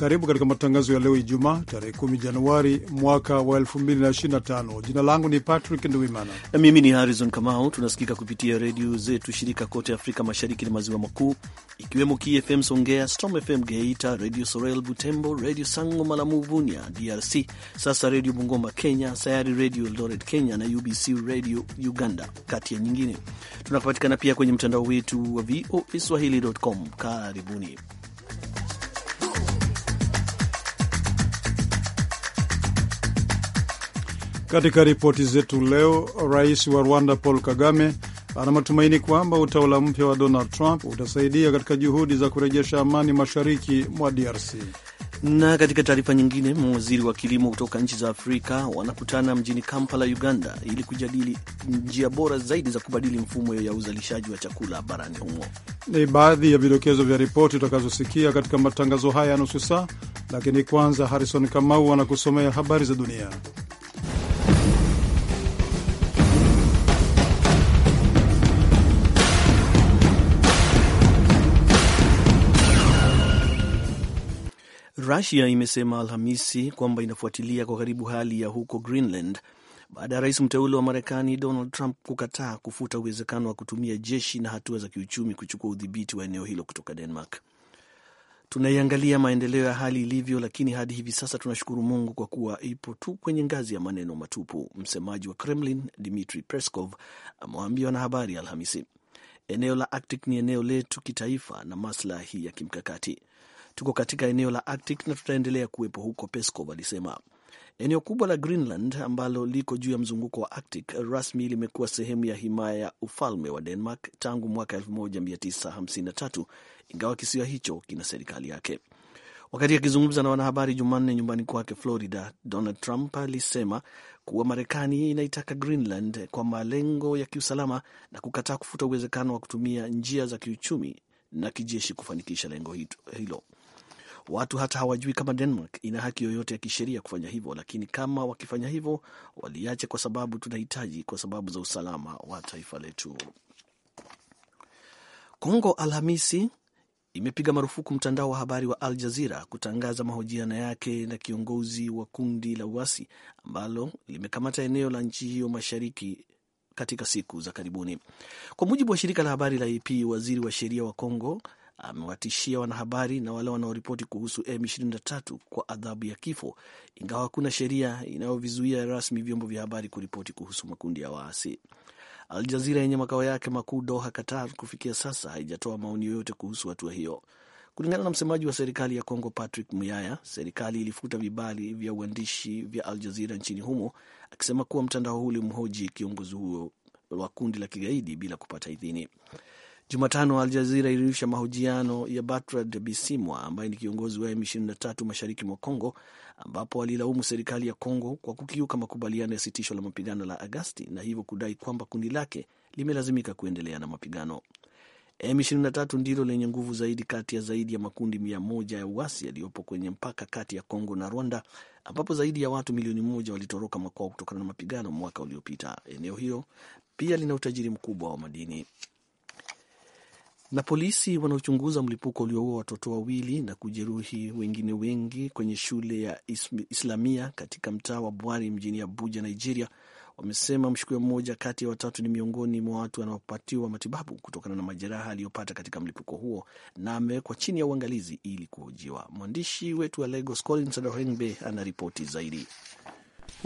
Karibu katika matangazo ya leo Ijumaa, tarehe 10 Januari mwaka wa 2025. Jina langu ni Patrick na Mimi ni Harrison Kamau. Tunasikika kupitia redio zetu shirika kote Afrika Mashariki na Maziwa Makuu, ikiwemo KFM Songea, Storm FM Geita, Radio Sorel Butembo, Radio Sango Malamu Bunia DRC, Sasa Redio Bungoma Kenya, Sayari Redio Eldoret Kenya na UBC Radio Uganda, kati ya nyingine. Tunapatikana pia kwenye mtandao wetu wa VOA Swahili.com. Karibuni. Katika ripoti zetu leo, rais wa Rwanda Paul Kagame ana matumaini kwamba utawala mpya wa Donald Trump utasaidia katika juhudi za kurejesha amani mashariki mwa DRC. Na katika taarifa nyingine, mawaziri wa kilimo kutoka nchi za Afrika wanakutana mjini Kampala, Uganda, ili kujadili njia bora zaidi za kubadili mfumo ya uzalishaji wa chakula barani humo. Ni baadhi ya vidokezo vya ripoti utakazosikia katika matangazo haya ya nusu saa, lakini kwanza, Harrison Kamau anakusomea habari za dunia. Rusia imesema Alhamisi kwamba inafuatilia kwa karibu hali ya huko Greenland baada ya rais mteule wa Marekani Donald Trump kukataa kufuta uwezekano wa kutumia jeshi na hatua za kiuchumi kuchukua udhibiti wa eneo hilo kutoka Denmark. Tunaiangalia maendeleo ya hali ilivyo, lakini hadi hivi sasa tunashukuru Mungu kwa kuwa ipo tu kwenye ngazi ya maneno matupu, msemaji wa Kremlin Dmitri Peskov amewaambia wanahabari Alhamisi. Eneo la Arctic ni eneo letu kitaifa na maslahi ya kimkakati. Tuko katika eneo la Arctic na tutaendelea kuwepo huko, Peskov alisema. Eneo kubwa la Greenland ambalo liko juu ya mzunguko wa Arctic rasmi limekuwa sehemu ya himaya ya ufalme wa Denmark tangu mwaka 1953 ingawa kisiwa hicho kina serikali yake. Wakati akizungumza na wanahabari Jumanne nyumbani kwake Florida, Donald Trump alisema kuwa Marekani inaitaka Greenland kwa malengo ya kiusalama na kukataa kufuta uwezekano wa kutumia njia za kiuchumi na kijeshi kufanikisha lengo hilo. Watu hata hawajui kama Denmark ina haki yoyote ya kisheria kufanya hivyo, lakini kama wakifanya hivyo waliache, kwa sababu tunahitaji, kwa sababu za usalama wa taifa letu. Kongo Alhamisi imepiga marufuku mtandao wa habari wa Al Jazira kutangaza mahojiano yake na kiongozi wa kundi la uasi ambalo limekamata eneo la nchi hiyo mashariki katika siku za karibuni, kwa mujibu wa shirika la habari la AP. Waziri wa sheria wa Kongo amewatishia wanahabari na wale wanaoripoti kuhusu M23 kwa adhabu ya kifo, ingawa hakuna sheria inayovizuia rasmi vyombo vya habari kuripoti kuhusu makundi ya waasi. Al Jazira yenye makao yake makuu Doha, Qatar, kufikia sasa haijatoa maoni yoyote kuhusu hatua hiyo. Kulingana na msemaji wa serikali ya Kongo Patrick Muyaya, serikali ilifuta vibali vya uandishi vya Al Jazira nchini humo, akisema kuwa mtandao huu ulimhoji kiongozi huo wa kundi la kigaidi bila kupata idhini. Jumatano Al Jazira ilirusha mahojiano ya Bertrand Bisimwa ambaye ni kiongozi wa M23 mashariki mwa Kongo, ambapo alilaumu serikali ya Kongo kwa kukiuka makubaliano ya sitisho la mapigano la Agasti na hivyo kudai kwamba kundi lake limelazimika kuendelea na mapigano. M23 ndilo lenye nguvu zaidi kati ya zaidi ya makundi mia moja ya uasi yaliyopo kwenye mpaka kati ya Kongo na Rwanda, ambapo zaidi ya watu milioni moja walitoroka makwao kutokana na mapigano mwaka uliopita. Eneo hilo pia lina utajiri mkubwa wa madini na polisi wanaochunguza mlipuko ulioua watoto wawili na kujeruhi wengine wengi kwenye shule ya Islamia katika mtaa wa Bwari mjini Abuja, Nigeria, wamesema mshukiwa mmoja kati ya watatu ni miongoni mwa watu wanaopatiwa matibabu kutokana na majeraha aliyopata katika mlipuko huo na amewekwa chini ya uangalizi ili kuhojiwa. Mwandishi wetu wa Lagos Collins Adoringbe ana ripoti zaidi.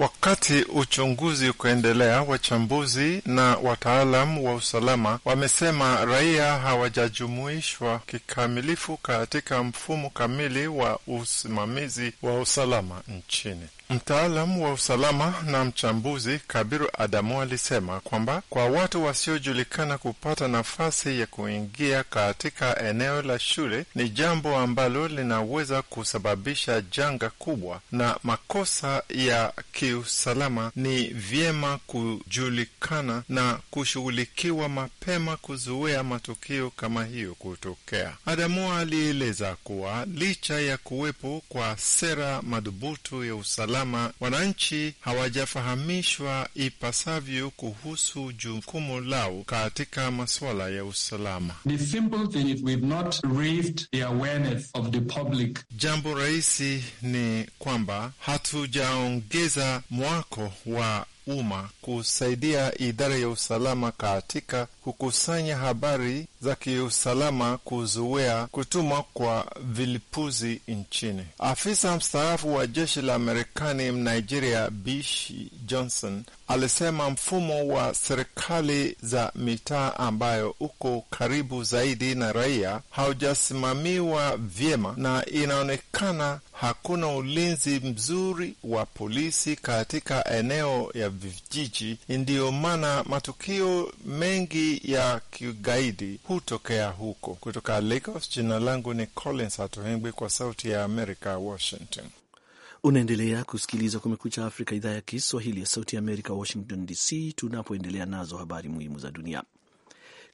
Wakati uchunguzi ukiendelea, wachambuzi na wataalam wa usalama wamesema raia hawajajumuishwa kikamilifu katika mfumo kamili wa usimamizi wa usalama nchini. Mtaalamu wa usalama na mchambuzi Kabiru Adamu alisema kwamba kwa watu wasiojulikana kupata nafasi ya kuingia katika eneo la shule ni jambo ambalo linaweza kusababisha janga kubwa na makosa ya kiusalama. Ni vyema kujulikana na kushughulikiwa mapema kuzuia matukio kama hiyo kutokea. Adamu alieleza kuwa licha ya kuwepo kwa sera madhubutu ya usalama kutazama, wananchi hawajafahamishwa ipasavyo kuhusu jukumu lao katika masuala ya usalama. Jambo rahisi ni kwamba hatujaongeza mwako wa umma kusaidia idara ya usalama katika kukusanya habari za kiusalama kuzuia kutumwa kwa vilipuzi nchini. Afisa mstaafu wa jeshi la Marekani Nigeria, Bish Johnson alisema mfumo wa serikali za mitaa ambayo uko karibu zaidi na raia haujasimamiwa vyema na inaonekana hakuna ulinzi mzuri wa polisi katika eneo ya vijiji. Ndiyo maana matukio mengi ya kigaidi hutokea huko. Kutoka Lagos, jina langu ni Collins Atohengwi, kwa Sauti ya Amerika, Washington. Unaendelea kusikiliza Kumekucha Afrika, idhaa ya Kiswahili ya Sauti ya Amerika, Washington DC, tunapoendelea nazo habari muhimu za dunia.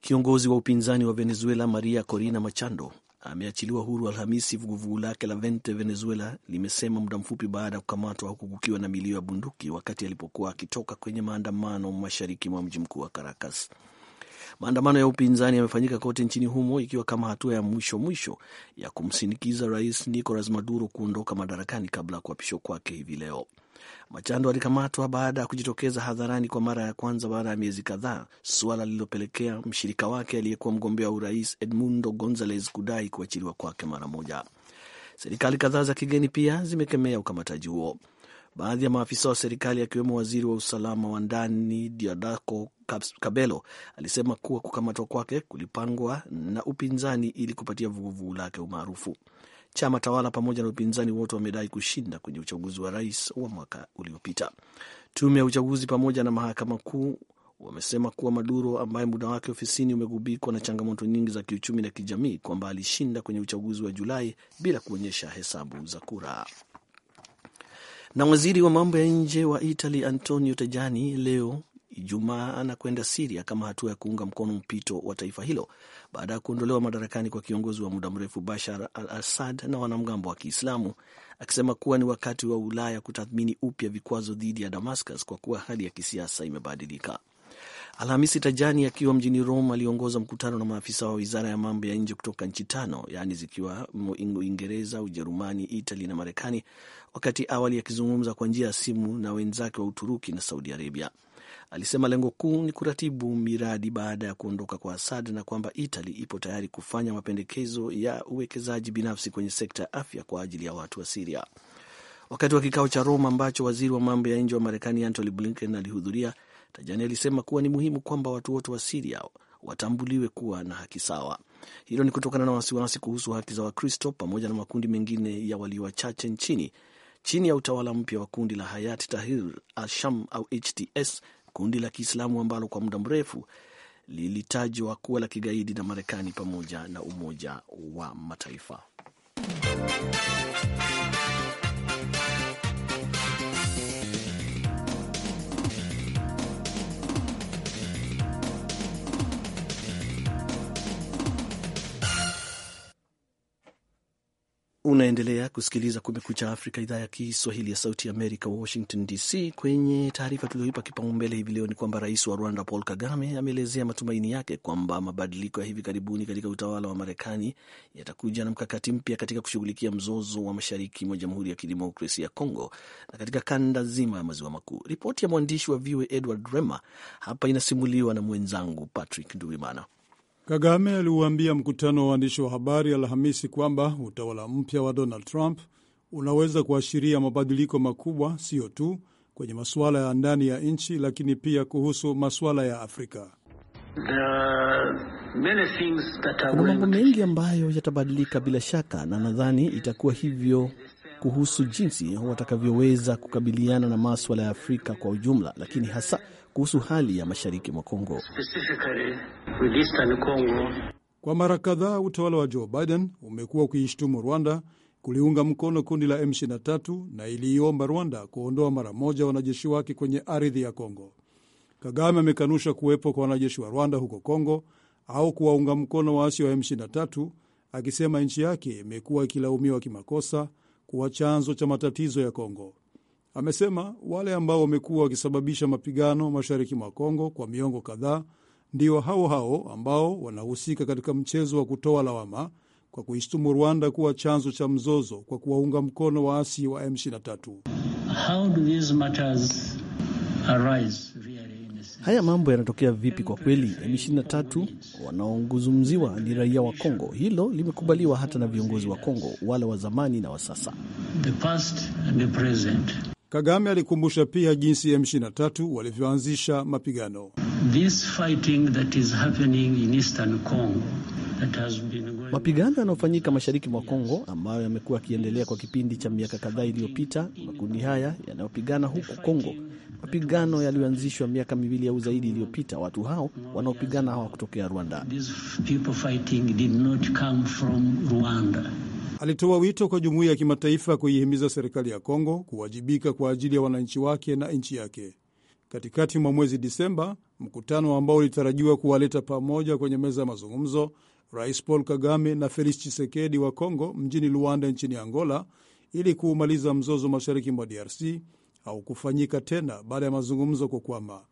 Kiongozi wa upinzani wa Venezuela Maria Corina Machado ameachiliwa huru Alhamisi, vuguvugu lake la Vente Venezuela limesema muda mfupi baada ya kukamatwa huku kukiwa na milio ya bunduki wakati alipokuwa akitoka kwenye maandamano mashariki mwa mji mkuu wa Caracas. Maandamano ya upinzani yamefanyika kote nchini humo ikiwa kama hatua ya mwisho mwisho ya kumsinikiza rais Nicolas Maduro kuondoka madarakani kabla ya kuapishwa kwake hivi leo. Machando alikamatwa baada ya kujitokeza hadharani kwa mara ya kwanza baada ya miezi kadhaa, suala lililopelekea mshirika wake aliyekuwa mgombea wa urais Edmundo Gonzalez kudai kuachiliwa kwake mara moja. Serikali kadhaa za kigeni pia zimekemea ukamataji huo. Baadhi ya maafisa wa serikali akiwemo waziri wa usalama wa ndani Diodako Kabelo alisema kuwa kukamatwa kwake kulipangwa na upinzani ili kupatia vuguvugu lake umaarufu. Chama tawala pamoja na upinzani wote wamedai kushinda kwenye uchaguzi wa rais wa mwaka uliopita. Tume ya uchaguzi pamoja na mahakama kuu wamesema kuwa Maduro ambaye muda wake ofisini umegubikwa na changamoto nyingi za kiuchumi na kijamii, kwamba alishinda kwenye uchaguzi wa Julai bila kuonyesha hesabu za kura. Na waziri wa mambo ya nje wa Italy Antonio Tajani leo Ijumaa anakwenda Siria kama hatua ya kuunga mkono mpito wa taifa hilo baada ya kuondolewa madarakani kwa kiongozi wa muda mrefu Bashar al Assad na wanamgambo wa Kiislamu, akisema kuwa ni wakati wa Ulaya kutathmini upya vikwazo dhidi ya Damascus kwa kuwa hali ya kisiasa imebadilika. Alhamisi Tajani akiwa mjini Rome aliongoza mkutano na maafisa wa wizara ya mambo ya nje kutoka nchi tano, yaani zikiwa Uingereza, Ujerumani, Itali na Marekani, wakati awali akizungumza kwa njia ya simu na wenzake wa Uturuki na Saudi Arabia. Alisema lengo kuu ni kuratibu miradi baada ya kuondoka kwa Asad na kwamba Itali ipo tayari kufanya mapendekezo ya uwekezaji binafsi kwenye sekta ya afya kwa ajili ya watu wa Siria. Wakati wa kikao cha Roma ambacho waziri wa mambo ya nje wa Marekani Antony Blinken alihudhuria, Tajani alisema kuwa ni muhimu kwamba watu wote wa Siria watambuliwe kuwa na haki sawa. Hilo ni kutokana na wasiwasi kuhusu haki za Wakristo pamoja na makundi mengine ya walio wachache nchini chini ya utawala mpya wa kundi la Hayat Tahrir al-Sham au HTS, kundi la Kiislamu ambalo kwa muda mrefu lilitajwa kuwa la kigaidi na Marekani pamoja na Umoja wa Mataifa. Unaendelea kusikiliza Kumekucha Afrika, idhaa ya Kiswahili ya Sauti ya Amerika, Washington DC. Kwenye taarifa tuliyoipa kipaumbele hivi leo ni kwamba rais wa Rwanda Paul Kagame ameelezea matumaini yake kwamba mabadiliko ya hivi karibuni katika utawala wa Marekani yatakuja na mkakati mpya katika kushughulikia mzozo wa mashariki mwa Jamhuri ya Kidemokrasia ya congo na katika kanda zima ya Maziwa Makuu. Ripoti ya mwandishi wa VOA Edward Rema hapa inasimuliwa na mwenzangu Patrick Nduwimana. Kagame aliuambia mkutano wa waandishi wa habari Alhamisi kwamba utawala mpya wa Donald Trump unaweza kuashiria mabadiliko makubwa, sio tu kwenye masuala ya ndani ya nchi, lakini pia kuhusu masuala ya Afrika. Kuna mambo mengi ambayo yatabadilika bila shaka, na nadhani itakuwa hivyo kuhusu jinsi watakavyoweza kukabiliana na maswala ya Afrika kwa ujumla, lakini hasa kuhusu hali ya mashariki mwa Kongo. Kwa mara kadhaa utawala wa Joe Biden umekuwa ukiishtumu Rwanda kuliunga mkono kundi la M23 na iliiomba Rwanda kuondoa mara moja wanajeshi wake kwenye ardhi ya Kongo. Kagame amekanusha kuwepo kwa wanajeshi wa Rwanda huko Kongo au kuwaunga mkono waasi wa M23, akisema nchi yake imekuwa ikilaumiwa kimakosa kuwa chanzo cha matatizo ya Kongo. Amesema wale ambao wamekuwa wakisababisha mapigano mashariki mwa Kongo kwa miongo kadhaa ndio hao hao ambao wanahusika katika mchezo wa kutoa lawama kwa kuishtumu Rwanda kuwa chanzo cha mzozo kwa kuwaunga mkono waasi wa M23. Haya mambo yanatokea vipi? Kwa kweli, M23 wanaozungumziwa ni raia wa Kongo. Hilo limekubaliwa hata na viongozi wa Kongo, wale wa zamani na wa sasa. The past and the present. Kagame alikumbusha pia jinsi M23 walivyoanzisha mapigano. Mapigano yanayofanyika mashariki mwa Kongo ambayo yamekuwa yakiendelea kwa kipindi cha miaka kadhaa iliyopita, makundi haya yanayopigana huko Kongo, mapigano yaliyoanzishwa miaka miwili au zaidi iliyopita. Watu hao wanaopigana hawakutokea Rwanda. These Alitoa wito kwa jumuiya ya kimataifa kuihimiza serikali ya Kongo kuwajibika kwa ajili ya wananchi wake na nchi yake. Katikati mwa mwezi Disemba, mkutano ambao ulitarajiwa kuwaleta pamoja kwenye meza ya mazungumzo Rais Paul Kagame na Felix Tshisekedi wa Kongo mjini Luanda nchini Angola ili kuumaliza mzozo mashariki mwa DRC haukufanyika tena baada ya mazungumzo kukwama.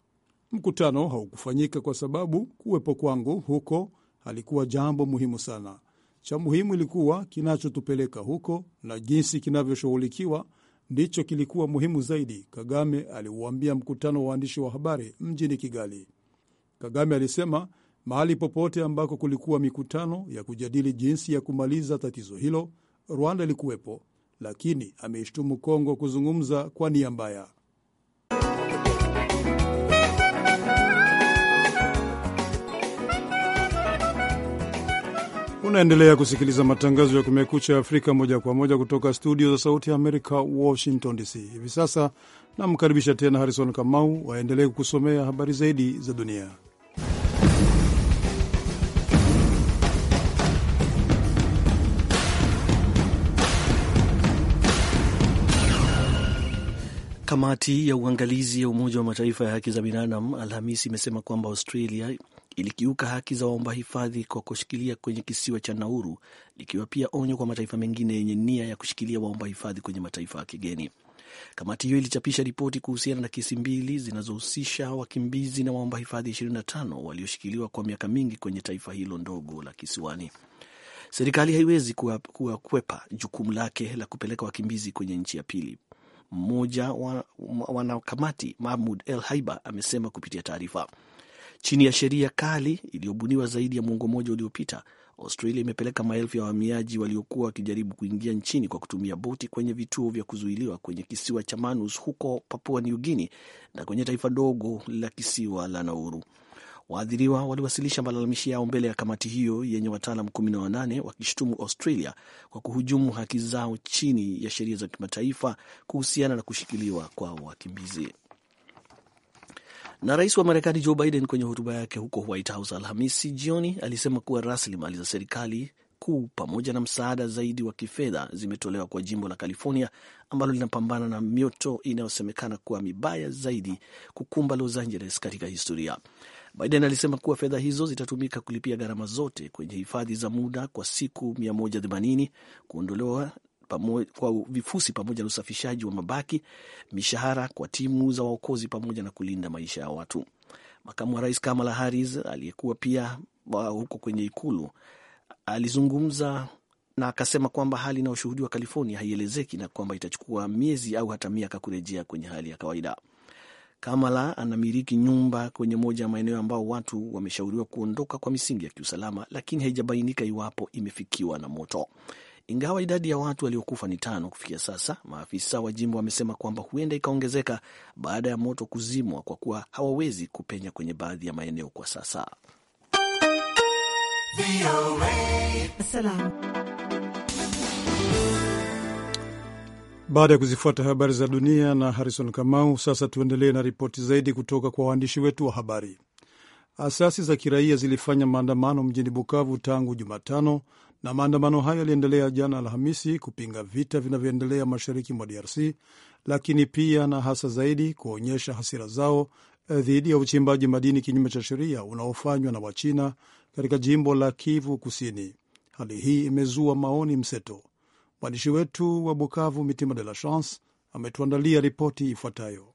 Mkutano haukufanyika kwa sababu kuwepo kwangu huko halikuwa jambo muhimu sana. Cha muhimu ilikuwa kinachotupeleka huko na jinsi kinavyoshughulikiwa ndicho kilikuwa muhimu zaidi, Kagame aliuambia mkutano wa waandishi wa habari mjini Kigali. Kagame alisema mahali popote ambako kulikuwa mikutano ya kujadili jinsi ya kumaliza tatizo hilo, Rwanda ilikuwepo, lakini ameishtumu Kongo kuzungumza kwa nia mbaya. Unaendelea kusikiliza matangazo ya Kumekucha Afrika moja kwa moja kutoka studio za Sauti ya Amerika, Washington DC. Hivi sasa namkaribisha tena Harrison Kamau waendelee kukusomea habari zaidi za dunia. Kamati ya uangalizi ya Umoja wa Mataifa ya haki za binadamu Alhamisi imesema kwamba Australia ilikiuka haki za waomba hifadhi kwa kushikilia kwenye kisiwa cha Nauru, likiwa pia onyo kwa mataifa mengine yenye nia ya kushikilia waomba hifadhi kwenye mataifa ya kigeni. Kamati hiyo ilichapisha ripoti kuhusiana na kesi mbili zinazohusisha wakimbizi na waomba hifadhi 25 walioshikiliwa kwa miaka mingi kwenye taifa hilo ndogo la kisiwani. Serikali haiwezi kuwakwepa jukumu lake la kupeleka wakimbizi kwenye nchi ya pili. Mmoja wa wanakamati Mahmud El Haiba amesema kupitia taarifa Chini ya sheria kali iliyobuniwa zaidi ya mwongo mmoja uliopita, Australia imepeleka maelfu ya wahamiaji waliokuwa wakijaribu kuingia nchini kwa kutumia boti kwenye vituo vya kuzuiliwa kwenye kisiwa cha Manus huko Papua New Guinea na kwenye taifa dogo la kisiwa la Nauru. Waadhiriwa waliwasilisha malalamishi yao mbele ya kamati hiyo yenye wataalam kumi na wanane wakishutumu Australia kwa kuhujumu haki zao chini ya sheria za kimataifa kuhusiana na kushikiliwa kwa wakimbizi. Na rais wa Marekani Joe Biden kwenye hotuba yake huko White House Alhamisi jioni alisema kuwa rasilimali za serikali kuu pamoja na msaada zaidi wa kifedha zimetolewa kwa jimbo la California ambalo linapambana na mioto inayosemekana kuwa mibaya zaidi kukumba Los Angeles katika historia. Biden alisema kuwa fedha hizo zitatumika kulipia gharama zote kwenye hifadhi za muda kwa siku 180, kuondolewa pamoja, kwa vifusi pamoja na usafishaji wa mabaki, mishahara kwa timu za waokozi pamoja na kulinda maisha ya watu. Makamu wa rais Kamala Harris aliyekuwa pia huko kwenye ikulu alizungumza na akasema kwamba hali inayoshuhudiwa California haielezeki na kwamba itachukua miezi au hata miaka kurejea kwenye hali ya kawaida. Kamala anamiliki nyumba kwenye moja ya maeneo ambao watu wameshauriwa kuondoka kwa misingi ya kiusalama, lakini haijabainika iwapo imefikiwa na moto. Ingawa idadi ya watu waliokufa ni tano kufikia sasa, maafisa wa jimbo wamesema kwamba huenda ikaongezeka baada ya moto kuzimwa kwa kuwa hawawezi kupenya kwenye baadhi ya maeneo kwa sasa. Baada ya kuzifuata habari za dunia na Harrison Kamau, sasa tuendelee na ripoti zaidi kutoka kwa waandishi wetu wa habari. Asasi za kiraia zilifanya maandamano mjini Bukavu tangu Jumatano na maandamano hayo yaliendelea jana Alhamisi kupinga vita vinavyoendelea mashariki mwa DRC, lakini pia na hasa zaidi kuonyesha hasira zao eh, dhidi ya uchimbaji madini kinyume cha sheria unaofanywa na Wachina katika jimbo la Kivu Kusini. Hali hii imezua maoni mseto. Mwandishi wetu wa Bukavu, Mitima De La Chance, ametuandalia ripoti ifuatayo.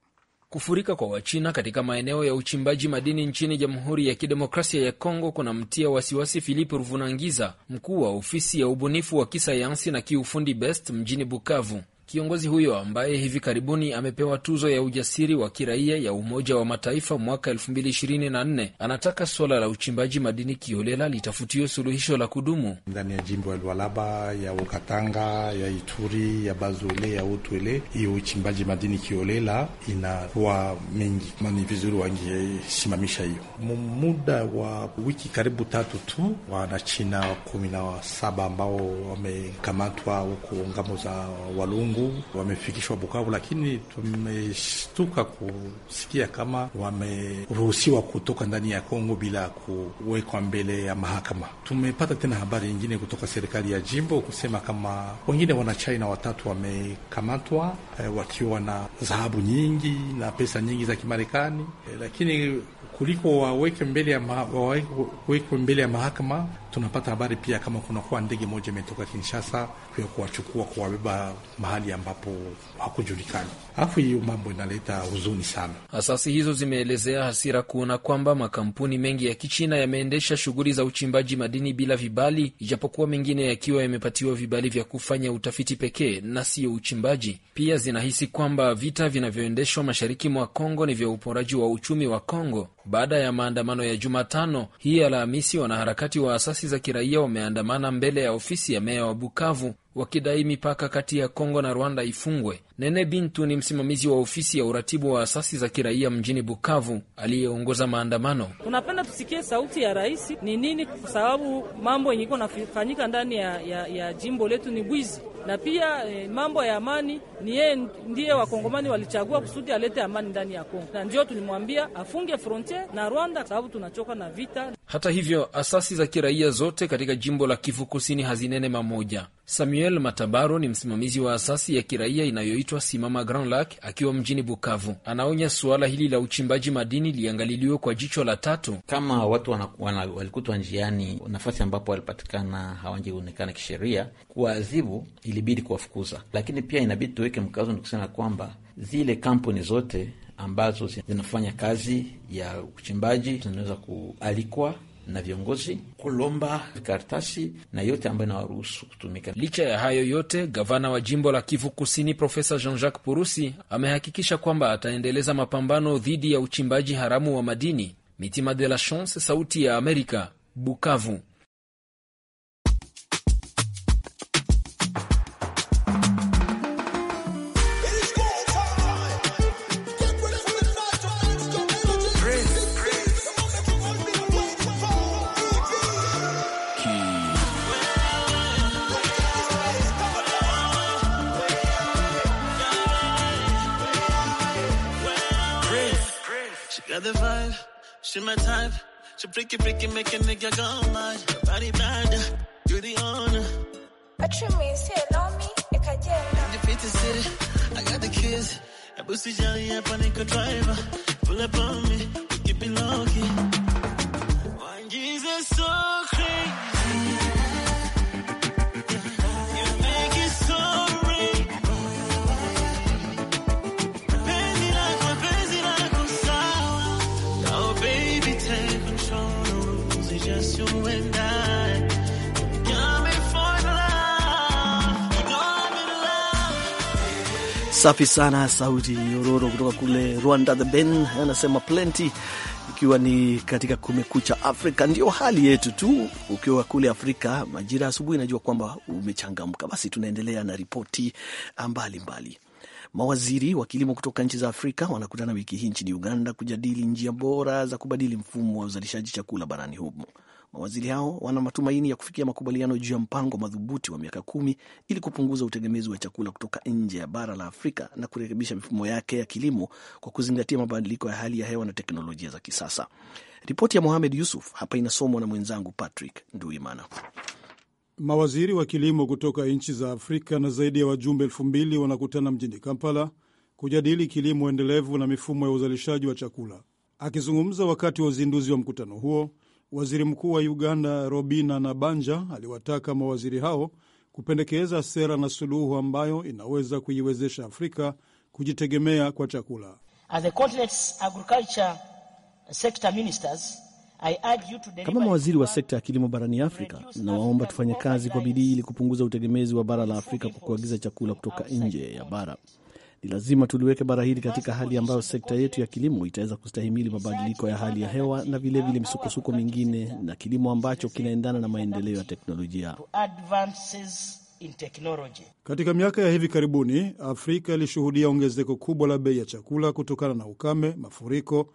Kufurika kwa Wachina katika maeneo ya uchimbaji madini nchini Jamhuri ya Kidemokrasia ya Kongo kunamtia wasiwasi Philipe Ruvunangiza, mkuu wa ofisi ya ubunifu wa kisayansi na kiufundi BEST mjini Bukavu. Kiongozi huyo ambaye hivi karibuni amepewa tuzo ya ujasiri wa kiraia ya Umoja wa Mataifa mwaka 2024 anataka suala la uchimbaji madini kiholela litafutiwe suluhisho la kudumu ndani ya jimbo ya Lualaba, ya Ukatanga, ya Ituri, ya Bazole, ya Utwele. Hiyo uchimbaji madini kiholela inakuwa mengi, ni vizuri wangesimamisha hiyo. Muda wa wiki karibu tatu tu, wanachina kumi na saba ambao wamekamatwa huko ngambo za Walungu nguvu wamefikishwa Bukavu, lakini tumeshtuka kusikia kama wameruhusiwa kutoka ndani ya Kongo bila kuwekwa mbele ya mahakama. Tumepata tena habari nyingine kutoka serikali ya jimbo kusema kama wengine wanachaina watatu wamekamatwa eh, wakiwa na dhahabu nyingi na pesa nyingi za Kimarekani, eh, lakini kuliko waweke mbele ya, ma, wawekwe mbele ya mahakama tunapata habari pia kama kunakuwa ndege moja imetoka Kinshasa pia kuwachukua kuwabeba mahali ambapo hakujulikani. Alafu hiyo mambo inaleta huzuni sana. Asasi hizo zimeelezea hasira kuona kwamba makampuni mengi ya Kichina yameendesha shughuli za uchimbaji madini bila vibali, ijapokuwa mengine yakiwa yamepatiwa vibali vya kufanya utafiti pekee na siyo uchimbaji. Pia zinahisi kwamba vita vinavyoendeshwa mashariki mwa Kongo ni vya uporaji wa uchumi wa Kongo. Baada ya maandamano ya Jumatano hii Alhamisi, wanaharakati wa asasi asasi za kiraia wameandamana mbele ya ofisi ya meya wa Bukavu wakidai mipaka kati ya Kongo na Rwanda ifungwe. Nene Bintu ni msimamizi wa ofisi ya uratibu wa asasi za kiraia mjini Bukavu aliyeongoza maandamano. Tunapenda tusikie sauti ya rais ni nini, kwa sababu mambo yenye iko nafanyika ndani ya, ya, ya jimbo letu ni bwizi, na pia eh, mambo ya amani ni yeye ndiye wakongomani walichagua kusudi alete amani ndani ya Kongo, na ndio tulimwambia afunge frontiere na Rwanda sababu tunachoka na vita. Hata hivyo, asasi za kiraia zote katika jimbo la Kivu Kusini hazinene mamoja. Samuel Matabaro ni msimamizi wa asasi ya kiraia inayoitwa Simama Grand Lac akiwa mjini Bukavu. Anaonya suala hili la uchimbaji madini liangaliliwe kwa jicho la tatu. Kama watu walikutwa njiani, nafasi ambapo walipatikana hawangeonekana kisheria, kuwaadhibu ilibidi kuwafukuza, lakini pia inabidi tuweke mkazo ni kusema kwamba zile kampuni zote ambazo zinafanya kazi ya uchimbaji zinaweza kualikwa na viongozi kulomba karatasi na yote ambayo inawaruhusu kutumika. Licha ya hayo yote, gavana wa jimbo la Kivu Kusini Profesa Jean-Jacques Purusi amehakikisha kwamba ataendeleza mapambano dhidi ya uchimbaji haramu wa madini. Mitima de la Chance, Sauti ya Amerika, Bukavu. got the vibe, she my type. She freaky, freaky, make a nigga go mad. Body bad, you the owner. What you mean, say know me, it can I'm the fit city, I got the keys. A pussy jelly, I'ma a panic driver. Pull up on me, keep it low key. Wine Jesus, so Safi sana sauti nyororo kutoka kule Rwanda, the Ben anasema plenty, ikiwa ni katika Kumekucha Afrika. Ndio hali yetu tu, ukiwa kule Afrika majira asubuhi, najua kwamba umechangamka. Basi tunaendelea na ripoti mbalimbali. Mawaziri wa kilimo kutoka nchi za Afrika wanakutana wiki hii nchini Uganda kujadili njia bora za kubadili mfumo wa uzalishaji chakula barani humo. Mawaziri hao wana matumaini ya kufikia makubaliano juu ya mpango madhubuti wa miaka kumi ili kupunguza utegemezi wa chakula kutoka nje ya bara la Afrika na kurekebisha mifumo yake ya kilimo kwa kuzingatia mabadiliko ya hali ya hewa na teknolojia za kisasa. Ripoti ya Mohamed Yusuf hapa inasomwa na mwenzangu Patrick Nduimana. Mawaziri wa kilimo kutoka nchi za Afrika na zaidi ya wajumbe elfu mbili wanakutana mjini Kampala kujadili kilimo endelevu na mifumo ya uzalishaji wa chakula. Akizungumza wakati wa uzinduzi wa mkutano huo, Waziri Mkuu wa Uganda Robina Nabanja aliwataka mawaziri hao kupendekeza sera na suluhu ambayo inaweza kuiwezesha Afrika kujitegemea kwa chakula. Kama mawaziri wa sekta ya kilimo barani Afrika, nawaomba tufanye kazi kwa bidii ili kupunguza utegemezi wa bara la Afrika kwa kuagiza chakula kutoka nje ya bara. Ni lazima tuliweke bara hili katika hali ambayo sekta yetu ya kilimo itaweza kustahimili mabadiliko ya hali ya hewa na vilevile misukosuko mingine, na kilimo ambacho kinaendana na maendeleo ya teknolojia. Katika miaka ya hivi karibuni, Afrika ilishuhudia ongezeko kubwa la bei ya chakula kutokana na ukame, mafuriko,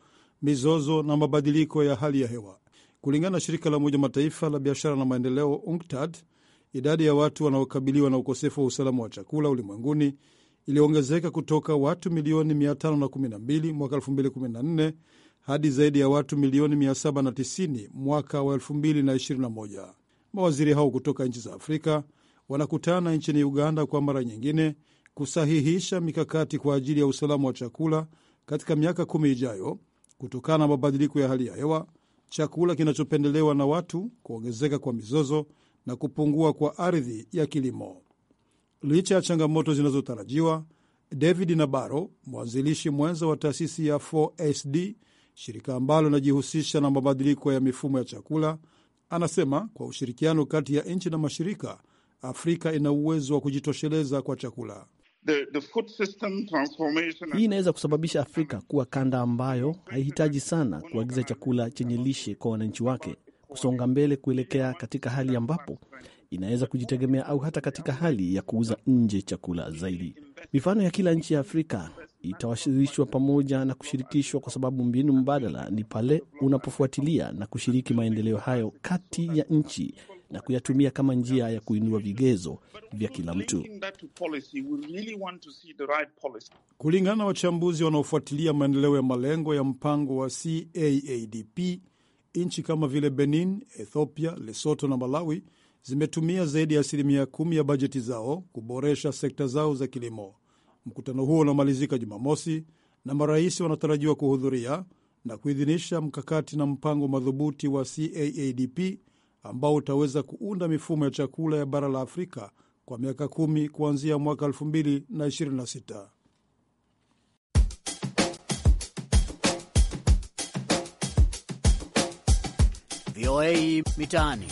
mizozo na mabadiliko ya hali ya hewa. Kulingana na shirika la Umoja Mataifa la biashara na maendeleo, UNCTAD, idadi ya watu wanaokabiliwa na ukosefu wa usalama wa chakula ulimwenguni iliongezeka kutoka watu milioni 512 mwaka 2014 hadi zaidi ya watu milioni 790 mwaka wa 2021. Mawaziri hao kutoka nchi za Afrika wanakutana nchini Uganda kwa mara nyingine kusahihisha mikakati kwa ajili ya usalama wa chakula katika miaka kumi ijayo kutokana na mabadiliko ya hali ya hewa, chakula kinachopendelewa na watu, kuongezeka kwa mizozo na kupungua kwa ardhi ya kilimo. Licha ya changamoto zinazotarajiwa, David Nabaro, mwanzilishi mwenza wa taasisi ya 4SD, shirika ambalo linajihusisha na mabadiliko ya mifumo ya chakula, anasema kwa ushirikiano kati ya nchi na mashirika, Afrika ina uwezo wa kujitosheleza kwa chakula. The, the food system transformation... hii inaweza kusababisha Afrika kuwa kanda ambayo haihitaji sana kuagiza chakula chenye lishe kwa wananchi wake, kusonga mbele kuelekea katika hali ambapo inaweza kujitegemea au hata katika hali ya kuuza nje chakula zaidi. Mifano ya kila nchi ya Afrika itawashirishwa pamoja na kushirikishwa, kwa sababu mbinu mbadala ni pale unapofuatilia na kushiriki maendeleo hayo kati ya nchi na kuyatumia kama njia ya kuinua vigezo vya kila mtu. Kulingana na wachambuzi wanaofuatilia maendeleo ya malengo ya mpango wa CAADP, nchi kama vile Benin, Ethiopia, Lesotho na Malawi zimetumia zaidi ya asilimia kumi ya bajeti zao kuboresha sekta zao za kilimo. Mkutano huo unamalizika Jumamosi na marais wanatarajiwa kuhudhuria na kuidhinisha mkakati na mpango madhubuti wa CAADP ambao utaweza kuunda mifumo ya chakula ya bara la Afrika kwa miaka kumi kuanzia mwaka 2026. VOA Mitaani.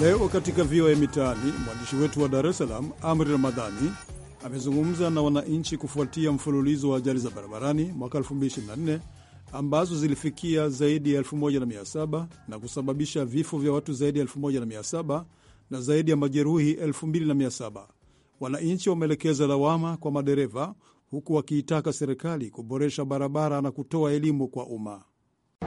Leo katika VOA Mitaani, mwandishi wetu wa Dar es Salaam, Amri Ramadhani, amezungumza na wananchi kufuatia mfululizo wa ajali za barabarani mwaka 2024 ambazo zilifikia zaidi ya 1700 na kusababisha vifo vya watu zaidi ya 1700 na zaidi ya majeruhi 2700. Wananchi wameelekeza lawama kwa madereva, huku wakiitaka serikali kuboresha barabara na kutoa elimu kwa umma.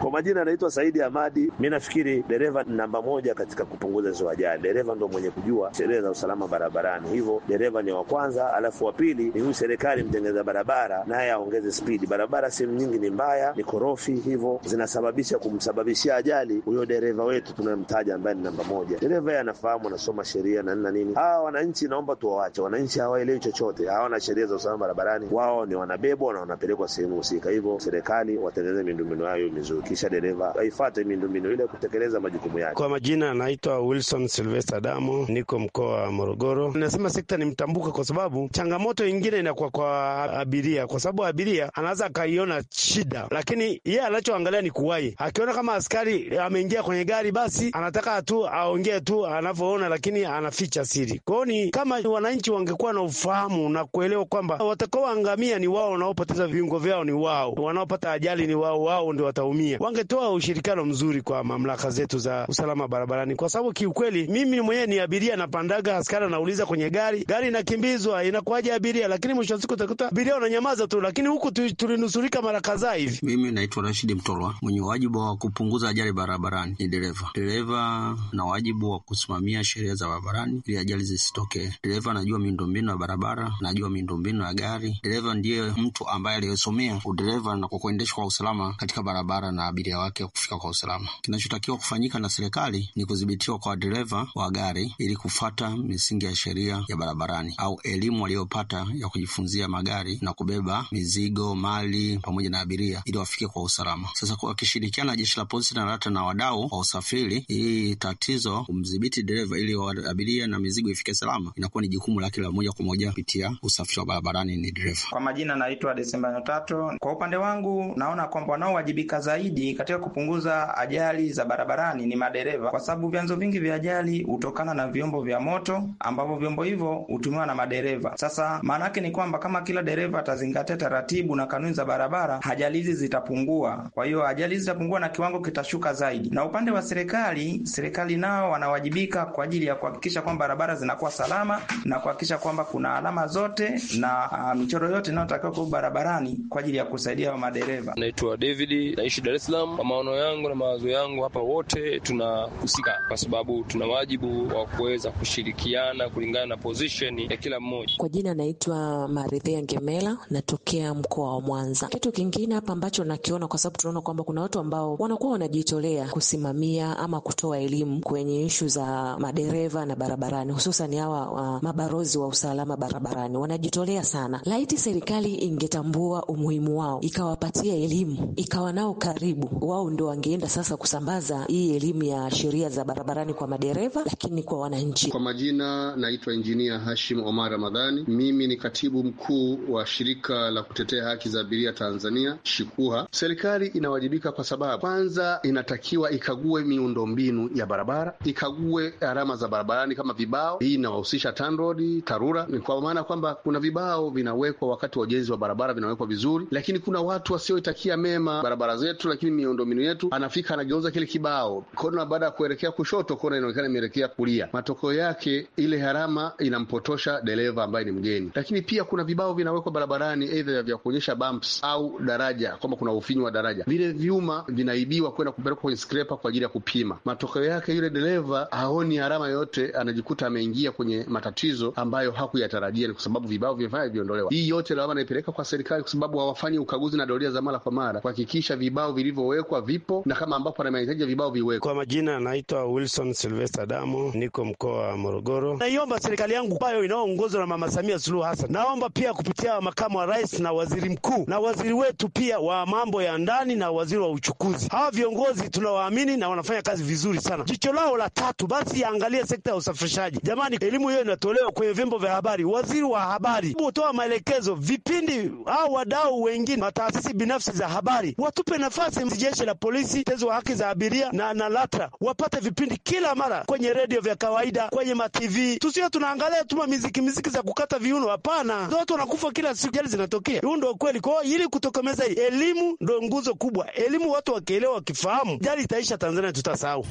Kwa majina anaitwa Saidi Hamadi. Mi nafikiri dereva namba moja katika kupunguza hizo ajali. Dereva ndo mwenye kujua sheria za usalama barabarani, hivyo dereva ni wa kwanza, alafu wa pili ni huyu serikali mtengeneza barabara, naye aongeze spidi. Barabara sehemu nyingi ni mbaya, ni korofi, hivyo zinasababisha kumsababishia ajali huyo dereva wetu tunayemtaja, ambaye ni namba moja. Dereva yeye anafahamu, anasoma sheria na nini na nini. Hawa wananchi naomba tuwaache, wananchi hawaelewi chochote, hawana sheria za usalama barabarani. Wao ni wanabebwa na wanapelekwa sehemu husika, hivyo serikali watengeze miundombinu yao mizuri kumshirikisha dereva aifuate miundombinu ile kutekeleza majukumu yake. Kwa majina anaitwa Wilson Sylvester Damo, niko mkoa wa Morogoro. Nasema sekta ni mtambuka kwa sababu changamoto ingine inakuwa kwa abiria, kwa sababu abiria anaweza akaiona shida, lakini yeye anachoangalia ni kuwai Akiona kama askari ameingia kwenye gari, basi anataka tu aongee tu anavyoona, lakini anaficha siri. Kwa ni kama wananchi wangekuwa na ufahamu na kuelewa kwamba watakaoangamia ni wao, wanaopoteza viungo vyao ni wao, wanaopata ajali ni wao, wao ndio wataumia. Tanzania wangetoa ushirikiano mzuri kwa mamlaka zetu za usalama barabarani, kwa sababu kiukweli mimi mwenyewe ni abiria, napandaga askari anauliza kwenye gari, gari inakimbizwa, inakuaja abiria? Lakini mwisho wa siku utakuta abiria wananyamaza tu, lakini huku tulinusurika mara kadhaa hivi. Mimi naitwa rashid Mtolwa, mwenye wajibu wa kupunguza ajali barabarani ni dereva. Dereva na wajibu wa kusimamia sheria za barabarani ili ajali zisitokee. Dereva anajua miundombinu ya barabara, anajua miundombinu ya gari. Dereva ndiye mtu ambaye aliyesomea udereva na kwa kuendesha kwa usalama katika barabara na na abiria wake kufika kwa usalama. Kinachotakiwa kufanyika na serikali ni kudhibitiwa kwa dereva wa gari ili kufata misingi ya sheria ya barabarani au elimu waliyopata ya kujifunzia magari na kubeba mizigo, mali pamoja na abiria ili wafike kwa usalama. Sasa wakishirikiana na jeshi la polisi na rata na wadau wa usafiri, hii tatizo kumdhibiti dereva ili abiria na mizigo ifike salama inakuwa ni jukumu lake la moja kwa moja kupitia usafiri wa barabarani ni dereva. Kwa majina naitwa Desemba tatu. Kwa upande wangu naona kwamba wanaowajibika zaidi zaidi katika kupunguza ajali za barabarani ni madereva, kwa sababu vyanzo vingi vya ajali hutokana na vyombo vya moto ambavyo vyombo hivyo hutumiwa na madereva. Sasa maana yake ni kwamba kama kila dereva atazingatia taratibu na kanuni za barabara, ajali hizi zitapungua. Kwa hiyo ajali hizi zitapungua na kiwango kitashuka zaidi. Na upande wa serikali, serikali nao wanawajibika kwa ajili ya kuhakikisha kwamba barabara zinakuwa salama na kuhakikisha kwamba kuna alama zote na uh, michoro yote inayotakiwa kwa barabarani kwa ajili ya kusaidia madereva. Naitwa David, naishi Dar es Salaam. Kwa maono yangu na mawazo yangu, hapa wote tunahusika, kwa sababu tuna wajibu wa kuweza kushirikiana kulingana na position ya kila mmoja. Kwa jina naitwa Maridhia Ngemela, natokea mkoa wa Mwanza. Kitu kingine hapa ambacho nakiona, kwa sababu tunaona kwamba kuna watu ambao wanakuwa wanajitolea kusimamia ama kutoa elimu kwenye ishu za madereva na barabarani, hususan hawa uh, mabarozi wa usalama barabarani wanajitolea sana. Laiti serikali ingetambua umuhimu wao ikawapatia elimu ikawa nao karibu karibu, wao ndio wangeenda sasa kusambaza hii elimu ya sheria za barabarani kwa madereva, lakini kwa wananchi. Kwa majina, naitwa Injinia Hashim Omar Ramadhani. Mimi ni katibu mkuu wa shirika la kutetea haki za abiria Tanzania, Shikuha. Serikali inawajibika kwa sababu kwanza inatakiwa ikague miundombinu ya barabara, ikague alama za barabarani kama vibao. Hii inawahusisha TANROADS, TARURA. Ni kwa maana kwamba kuna vibao vinawekwa wakati wa ujenzi wa barabara, vinawekwa vizuri, lakini kuna watu wasioitakia mema barabara zetu lakini miundombinu yetu, anafika anageuza kile kibao kona, baada ya kuelekea kushoto, kona inaonekana imeelekea kulia. Matokeo yake ile harama inampotosha dereva ambaye ni mgeni. Lakini pia kuna vibao vinawekwa barabarani, aidha vya kuonyesha bumps au daraja kwamba kuna ufinyu wa daraja, vile vyuma vinaibiwa kwenda kupelekwa kwenye scraper kwa ajili ya kupima. Matokeo yake yule dereva haoni harama yote, anajikuta ameingia kwenye matatizo ambayo hakuyatarajia, ni kwa sababu vibao vimefanya viondolewa. Hii yote lawama naipeleka kwa serikali, kwa sababu hawafanyi ukaguzi na doria za mara kwa mara kuhakikisha vibao vilivyowekwa vipo na kama ambapo ana mahitaji ya vibao viwekwe. Kwa majina anaitwa Wilson Sylvester Damo, niko mkoa wa Morogoro. Naiomba serikali yangu ambayo inayoongozwa na Mama Samia Suluhu Hassan, naomba pia kupitia makamu wa rais na waziri mkuu na waziri wetu pia wa mambo ya ndani na waziri wa uchukuzi, hawa viongozi tunawaamini na wanafanya kazi vizuri sana. Jicho lao la tatu basi yaangalie sekta ya usafirishaji. Jamani, elimu hiyo inatolewa kwenye vyombo vya habari. Waziri wa habari hutoa maelekezo, vipindi au wadau wengine, mataasisi binafsi za habari watupe nafasi basi jeshi la polisi, tezo wa haki za abiria na, na LATRA wapate vipindi kila mara kwenye redio vya kawaida, kwenye matv. Tusio tunaangalia tuma miziki miziki za kukata viuno, hapana. Watu wanakufa kila siku, jali zinatokea. Huu ndo kweli kwao. Ili kutokomeza hii elimu ndo nguzo kubwa. Elimu watu wakielewa, wakifahamu, jali itaisha, Tanzania tutasahau.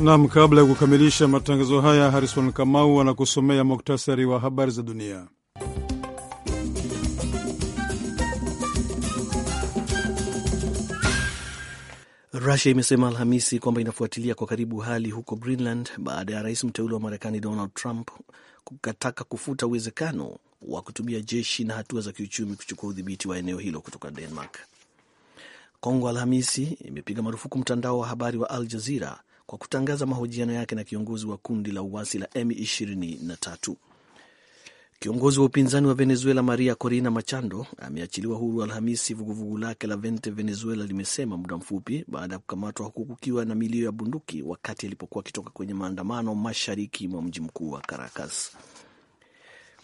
Nam, kabla ya kukamilisha matangazo haya, Harison Kamau anakusomea muktasari wa habari za dunia. Rusia imesema Alhamisi kwamba inafuatilia kwa karibu hali huko Greenland baada ya rais mteule wa Marekani Donald Trump kukataka kufuta uwezekano wa kutumia jeshi na hatua za kiuchumi kuchukua udhibiti wa eneo hilo kutoka Denmark. Kongo Alhamisi imepiga marufuku mtandao wa habari wa Al Jazira kwa kutangaza mahojiano yake na kiongozi wa kundi la uasi la M23. Kiongozi wa upinzani wa Venezuela Maria Corina Machado ameachiliwa huru Alhamisi, vuguvugu lake la Vente Venezuela limesema muda mfupi baada ya kukamatwa, huku kukiwa na milio ya bunduki wakati alipokuwa akitoka kwenye maandamano mashariki mwa mji mkuu wa Caracas.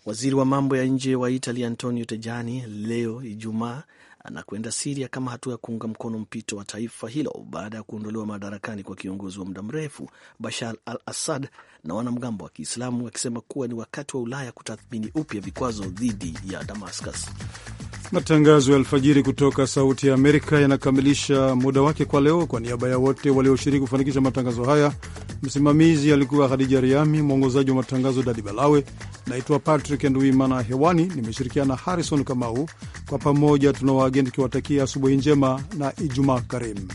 Waziri wa mambo ya nje wa Italia Antonio Tajani leo Ijumaa na kwenda Siria kama hatua ya kuunga mkono mpito wa taifa hilo baada ya kuondolewa madarakani kwa kiongozi wa muda mrefu Bashar al Assad na wanamgambo wa Kiislamu, akisema kuwa ni wakati wa Ulaya kutathmini upya vikwazo dhidi ya Damascus. Matangazo ya alfajiri kutoka Sauti ya Amerika yanakamilisha muda wake kwa leo. Kwa niaba ya wote walioshiriki kufanikisha matangazo haya, msimamizi alikuwa hadija Riami, mwongozaji wa matangazo Dadi Balawe. Naitwa Patrick Nduimana, hewani nimeshirikiana Harrison Kamau. Kwa pamoja tuna wageni tukiwatakia asubuhi njema na Ijumaa karimu.